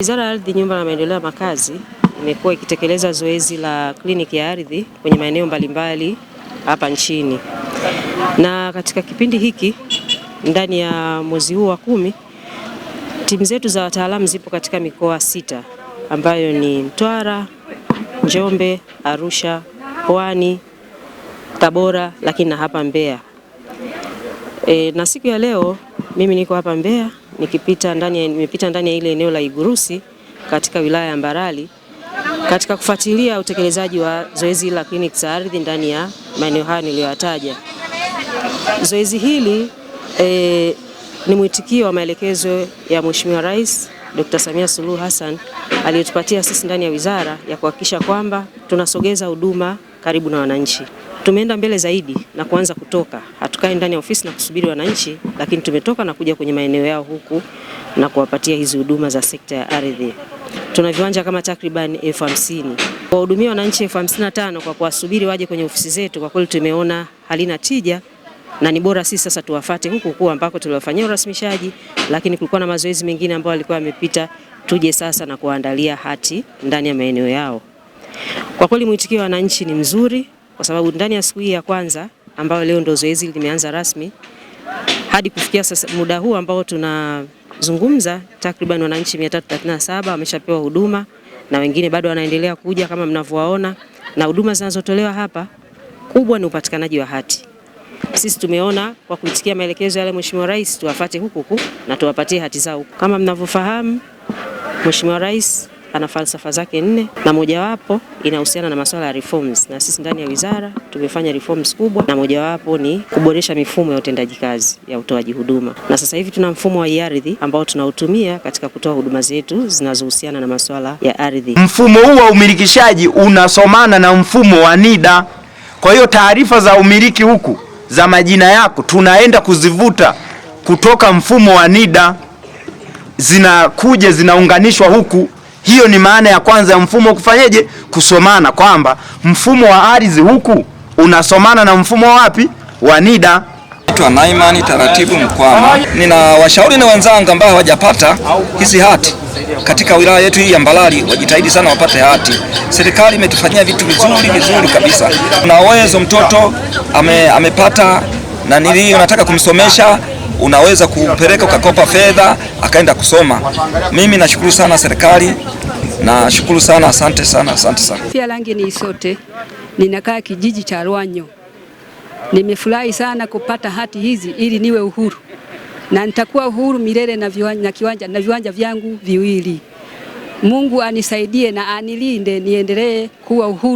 Wizara ya Ardhi, Nyumba na Maendeleo ya Makazi imekuwa ikitekeleza zoezi la kliniki ya ardhi kwenye maeneo mbalimbali hapa nchini, na katika kipindi hiki ndani ya mwezi huu wa kumi, timu zetu za wataalamu zipo katika mikoa sita ambayo ni Mtwara, Njombe, Arusha, Pwani, Tabora, lakini na hapa Mbeya. E, na siku ya leo mimi niko hapa Mbeya nikipita ndani, nimepita ndani ya ile eneo la Igurusi katika wilaya ya Mbarali katika kufuatilia utekelezaji wa zoezi la kliniki za ardhi ndani ya maeneo haya niliyoyataja. Zoezi hili e, ni mwitikio wa maelekezo ya Mheshimiwa Rais Dr. Samia Suluhu Hassan aliyetupatia sisi ndani ya wizara ya kuhakikisha kwamba tunasogeza huduma karibu na wananchi. Tumeenda mbele zaidi na kuanza kutoka, hatukai ndani ya ofisi na kusubiri wananchi, lakini tumetoka na kuja kwenye maeneo yao huku na kuwapatia hizi huduma za sekta ya ardhi. Tuna viwanja kama takriban elfu hamsini kuwahudumia wananchi elfu hamsini na tano kwa kuwasubiri waje kwenye ofisi zetu, kwa kweli tumeona halina tija na ni bora sisi sasa tuwafate huku kwa ambako tuliwafanyia urasmishaji, lakini kulikuwa na mazoezi mengine ambayo alikuwa amepita, tuje sasa na kuandalia hati ndani ya maeneo yao. Kwa kweli mwitikio wa wananchi ni mzuri, kwa sababu ndani ya siku hii ya kwanza ambayo leo ndio zoezi limeanza rasmi hadi kufikia sasa muda huu ambao tunazungumza, takriban wananchi 337 wameshapewa huduma na wengine bado wanaendelea kuja kama mnavyowaona, na huduma zinazotolewa hapa kubwa ni upatikanaji wa hati. Sisi tumeona kwa kuitikia maelekezo yale Mheshimiwa Rais tuwafate huku huku na tuwapatie hati zao Kama mnavyofahamu Mheshimiwa Rais ana falsafa zake nne na mojawapo inahusiana na masuala ya reforms, na sisi ndani ya wizara tumefanya reforms kubwa, na mojawapo ni kuboresha mifumo ya utendaji kazi ya utoaji huduma, na sasa hivi tuna mfumo wa ardhi ambao tunautumia katika kutoa huduma zetu zinazohusiana na masuala ya ardhi. Mfumo huu wa umilikishaji unasomana na mfumo wa NIDA, kwa hiyo taarifa za umiliki huku za majina yako tunaenda kuzivuta kutoka mfumo wa NIDA zinakuja zinaunganishwa huku hiyo ni maana ya kwanza ya mfumo kufanyeje, kusomana, kwamba mfumo wa ardhi huku unasomana na mfumo wapi wa NIDA. Naimani taratibu Mkwama, ninawashauri na wenzangu ambao hawajapata hizi hati katika wilaya yetu hii ya Mbalali wajitahidi sana wapate hati. Serikali imetufanyia vitu vizuri vizuri kabisa. Una uwezo mtoto ame, amepata na nili unataka kumsomesha unaweza kupeleka ukakopa fedha akaenda kusoma. Mimi nashukuru sana serikali, nashukuru sana, asante sana, asante sana. Pia rangi ni sote, ninakaa kijiji cha Rwanyo. Nimefurahi sana kupata hati hizi ili niwe uhuru na nitakuwa uhuru milele na viwanja, na kiwanja, na viwanja vyangu viwili. Mungu anisaidie na anilinde niendelee kuwa uhuru.